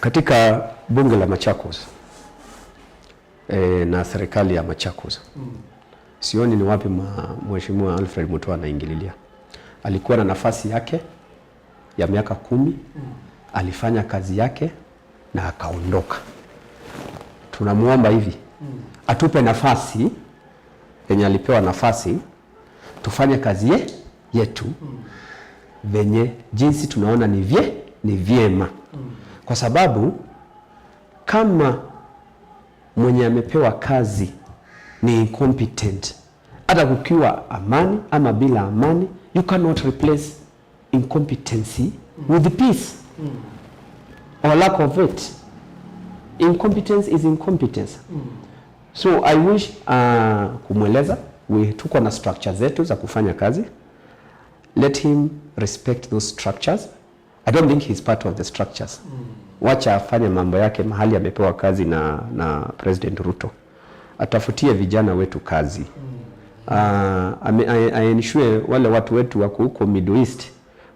katika bunge la Machakos e, na serikali ya Machakos mm. Sioni ni wapi mheshimiwa Alfred Mutua anaingililia. Alikuwa na nafasi yake ya miaka kumi mm. Alifanya kazi yake na akaondoka. Tunamwomba hivi mm. atupe nafasi yenye alipewa nafasi, tufanye kazi ye, yetu mm. venye jinsi tunaona ni vye ni vyema kwa sababu kama mwenye amepewa kazi ni incompetent, hata kukiwa amani ama bila amani, you cannot replace incompetency with peace mm. or lack of it. Incompetence is incompetence. Mm. So I wish uh, kumweleza we tuko na structure zetu za kufanya kazi. Let him respect those structures. I don't think he's part of the structures. Mm wacha afanye mambo yake mahali amepewa kazi na, na President Ruto, atafutie vijana wetu kazi uh, mm. ah, aenshue wale watu wetu wako huko Middle East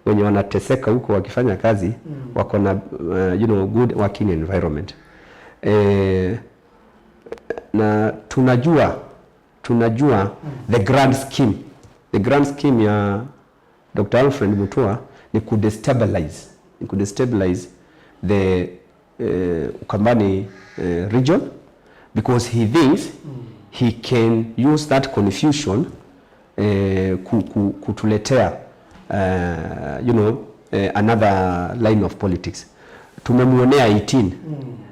wenye wanateseka huko wakifanya kazi mm. wako na uh, you know, good working environment e, na tunajua tunajua mm. the grand scheme the grand scheme ya Dr. Alfred Mutua ni kudestabilize ni kudestabilize the uh, Ukambani uh, region because he thinks he can use that confusion uh, kutuletea uh, you know, uh, another line of politics. Tumemwonea 18